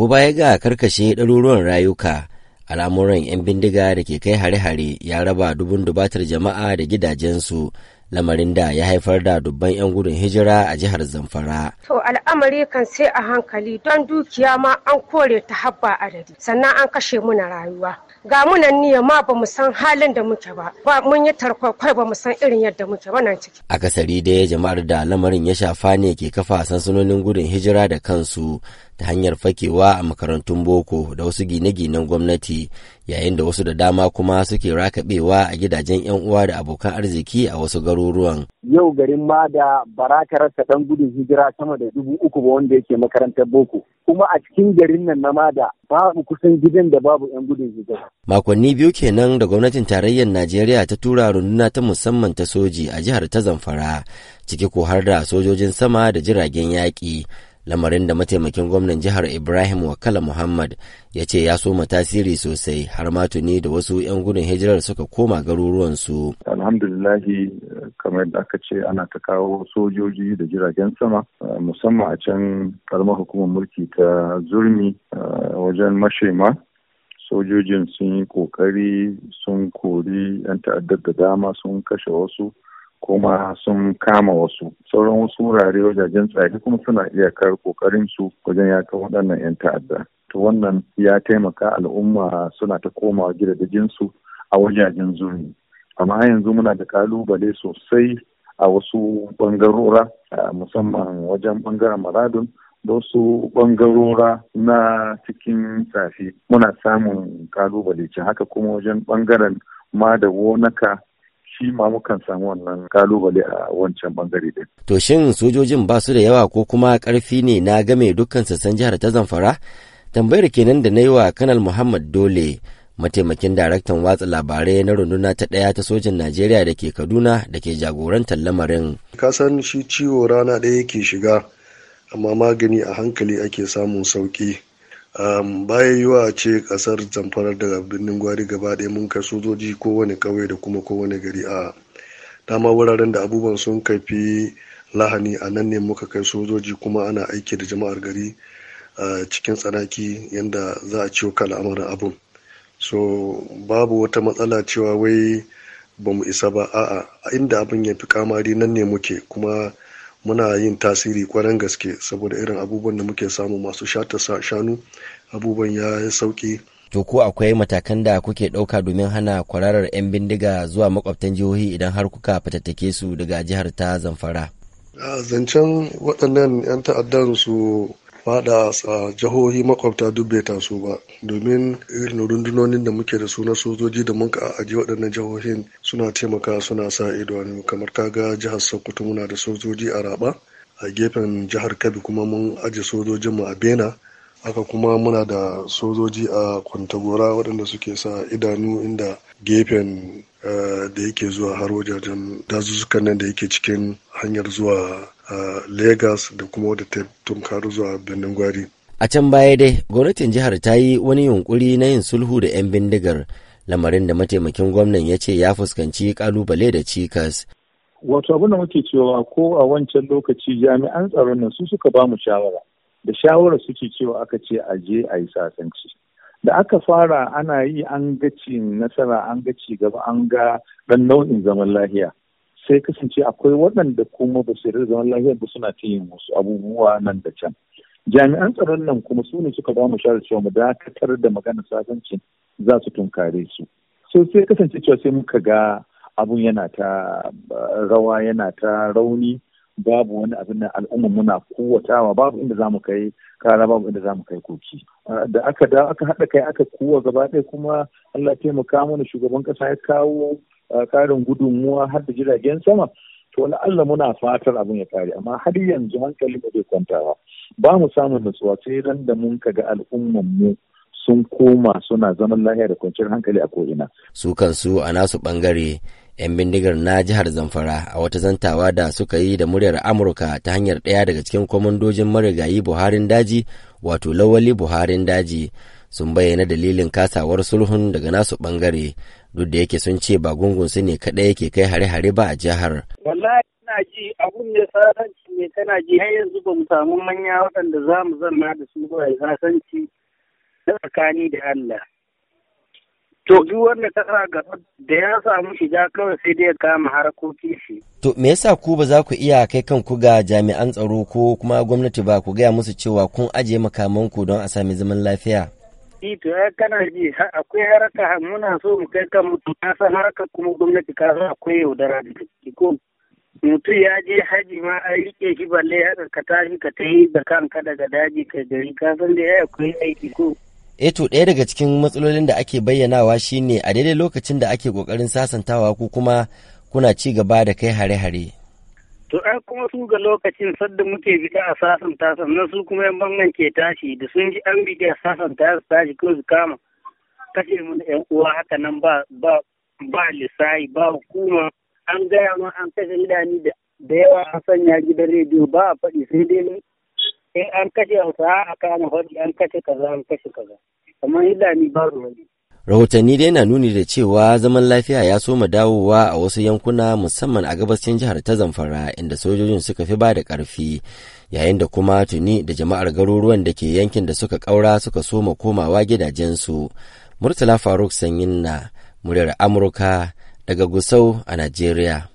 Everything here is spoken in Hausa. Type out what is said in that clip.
ko baya ga karkashe ɗaruruwan rayuka al'amuran 'yan bindiga da ke kai hare-hare ya raba dubun dubatar jama'a da gidajensu lamarin da ya haifar da dubban 'yan gudun hijira a jihar zamfara. To al'amari kan sai a hankali don dukiya ma an kore ta habba adadi sannan an kashe muna rayuwa. Ga munan niyya ma ba mu san halin da muke ba, ba mun yi tarkwakwai ba mu san irin yadda muke ba nan ciki. Akasari dai jama'ar da lamarin ya shafa ne ke kafa sansanonin gudun hijira da kansu ta hanyar fakewa a makarantun boko da wasu gine-ginen gwamnati yayin da wasu da dama kuma suke rakabewa a gidajen 'yan uwa da abokan arziki a wasu garuruwan. Yau garin ma da baraka rasa ɗan gudun hijira sama da dubu uku ba wanda yake makarantar boko. Kuma a cikin garin nan na mada babu kusan gidan da babu 'yan gudun hijira. Makonni biyu kenan da gwamnatin tarayyar Najeriya ta tura runduna ta musamman ta soji a jihar ta Zamfara, ciki ko har da sojojin sama da jiragen yaƙi. lamarin da mataimakin gwamnan jihar ibrahim wakala muhammad ya ce ya soma tasiri sosai har ma tuni da wasu 'yan gudun hijirar suka koma garuruwansu alhamdulillahi kamar da aka ce ana ta kawo sojoji da jiragen sama musamman a can karamar hukumar mulki ta zurmi wajen mashema sojojin sun yi kokari sun kori 'yan ta'addar da dama sun kashe wasu kuma sun kama wasu sauran wasu wurare wajajen tsari kuma suna iya kar kokarin su wajen yakan waɗannan 'yan ta'adda to wannan ya taimaka al'umma suna ta koma komawa jinsu a wajajen zuri amma yanzu muna da kalubale sosai a wasu bangarora musamman wajen bangaren maradun da wasu bangarora na cikin safi muna samun kalubale haka kuma wajen bangaren ma da wonaka shi ma mukan samu wannan kalubale a wancan bangare din. To shin sojojin ba su da yawa ko kuma karfi ne na game dukkan sassan jihar ta Zamfara? Tambayar kenan da na yi wa Kanal Muhammad Dole mataimakin daraktan watsa labarai na runduna ta ɗaya ta sojin Najeriya da ke Kaduna da ke jagorantar lamarin. Ka shi ciwo rana ɗaya yake shiga, amma magani a hankali ake samun sauƙi. Um, bayan yiwa ce kasar zamfarar daga birnin gwari gaba ɗaya mun kai sojoji kowane ƙauye da kuma kowane gari a dama wuraren da abubuwan sun kaifi lahani a nan ne muka kai sojoji kuma ana aiki da jama'ar gari a cikin tsanaki yadda za a ciwo kan al'amarin abun so babu wata matsala cewa wai ba mu isa ba a'a inda abin ya fi kamari nan ne muke kuma muna yin tasiri kwaran gaske saboda irin abubuwan da muke samu masu shata shanu abubuwan ya sauki to ko akwai matakan da kuke ɗauka domin hana kwararar 'yan bindiga zuwa makwabtan jihohi idan har kuka fatattake su daga jihar ta zamfara zancen waɗannan 'yan ta'addan su fada a jihohi makwabta duk bai taso ba domin irin rundunonin da muke da su na sojoji da muka aji waɗannan jihohin suna taimaka suna sa ido ne kamar ga jihar sokoto muna da sojoji a raba a gefen jihar kabi kuma mun sojojin sojojinmu a bena haka kuma muna da sojoji a kwantagora waɗanda suke sa idanu inda gefen eh, da yake zuwa har wajajen dazuzzukan nan da yake cikin hanyar zuwa Legas da kuma wadda ta tunkaru zuwa birnin Gwari. A can baya dai gwamnatin jihar ta yi wani yunkuri na yin sulhu da 'yan bindigar lamarin da mataimakin gwamnan ya ce ya fuskanci kalubale da cikas. Wato abin da muke cewa ko a wancan lokaci jami'an tsaron nan su suka ba mu shawara da shawara suke cewa aka ce a je a yi sasanci. da aka fara ana yi an gaci nasara an gaci gaba an ga dan nau'in zaman lahiya sai kasance akwai waɗanda kuma ba su yarda zaman lafiyar ba suna ta yin wasu abubuwa nan da can jami'an tsaron nan kuma su ne suka ba mu shawarar cewa mu dakatar da magana sabanci za su tunkare su so sai kasance cewa sai muka ga abun yana ta rawa yana ta rauni babu wani abin da al'umma muna kowatawa babu inda za mu kai kara babu inda za mu kai koki da aka da aka haɗa kai aka kuwa gaba ɗaya kuma Allah taimaka mana shugaban ƙasa ya kawo Eh, karin gudunmuwa har da jiragen sama to Allah muna fatar abin ya kare amma har yanzu hankali ba zai kwantawa ba mu samun nutsuwa sai ran da mun kaga al'umman mu sun koma suna zaman lahiya da kwanciyar hankali a ko'ina. Su kansu a nasu bangare 'yan bindigar na jihar Zamfara a wata zantawa da suka yi da muryar Amurka ta hanyar ɗaya daga cikin kwamandojin marigayi Buharin daji wato lawali Buharin daji sun bayyana dalilin kasawar sulhun daga nasu bangare duk da yake sun ce ba gungun su ne kaɗai yake kai hare-hare ba a jihar. Wallahi ina ji abun da sasanci ne kana ji har yanzu ba mu samu manya waɗanda za mu zanna da su ba sasanci da tsakani da Allah. To duk wanda ta sa gaba da ya samu shiga kawai sai da ya kama ko shi. To me yasa ku ba za ku iya kai kan ku ga jami'an tsaro ko kuma gwamnati ba ku gaya musu cewa kun ajiye makamanku don a sami zaman lafiya? to ya kana ji akwai haraka muna so mu kai kan mutum na san haraka kuma gwamnati ka san akwai yaudara da ciki ko mutum ya je haji ma a rike shi balle haka ka tashi ka ta yi da kanka daga daji kai gari ka san da ya akwai aiki ko. Eto eh ɗaya daga cikin matsalolin da ake bayyanawa shine a daidai lokacin da ake ƙoƙarin sasantawa ko kuma kuna ci gaba da kai hare-hare To ai kuma su ga lokacin sadda muke bida a sasanta sannan su kuma yan bangan ke tashi da sun ji an da a sasanta su tashi ko su kama kashe mu da yan uwa haka nan ba ba ba lisai ba hukuma an gaya ma an kashe gidani da da yawa an sanya gidan rediyo ba a faɗi sai dai in an kashe hausa a kama faɗi an kashe kaza an kashe kaza amma gidani ba ruwa rahotanni dai na nuni da cewa zaman lafiya ya soma dawowa a wasu yankuna musamman a gabashin jihar ta zamfara inda sojojin suka fi ba da ƙarfi yayin da kuma tuni da jama'ar garuruwan da ke yankin da suka ƙaura suka soma komawa gidajensu murtala faruk sanyin na muryar amurka daga gusau a najeriya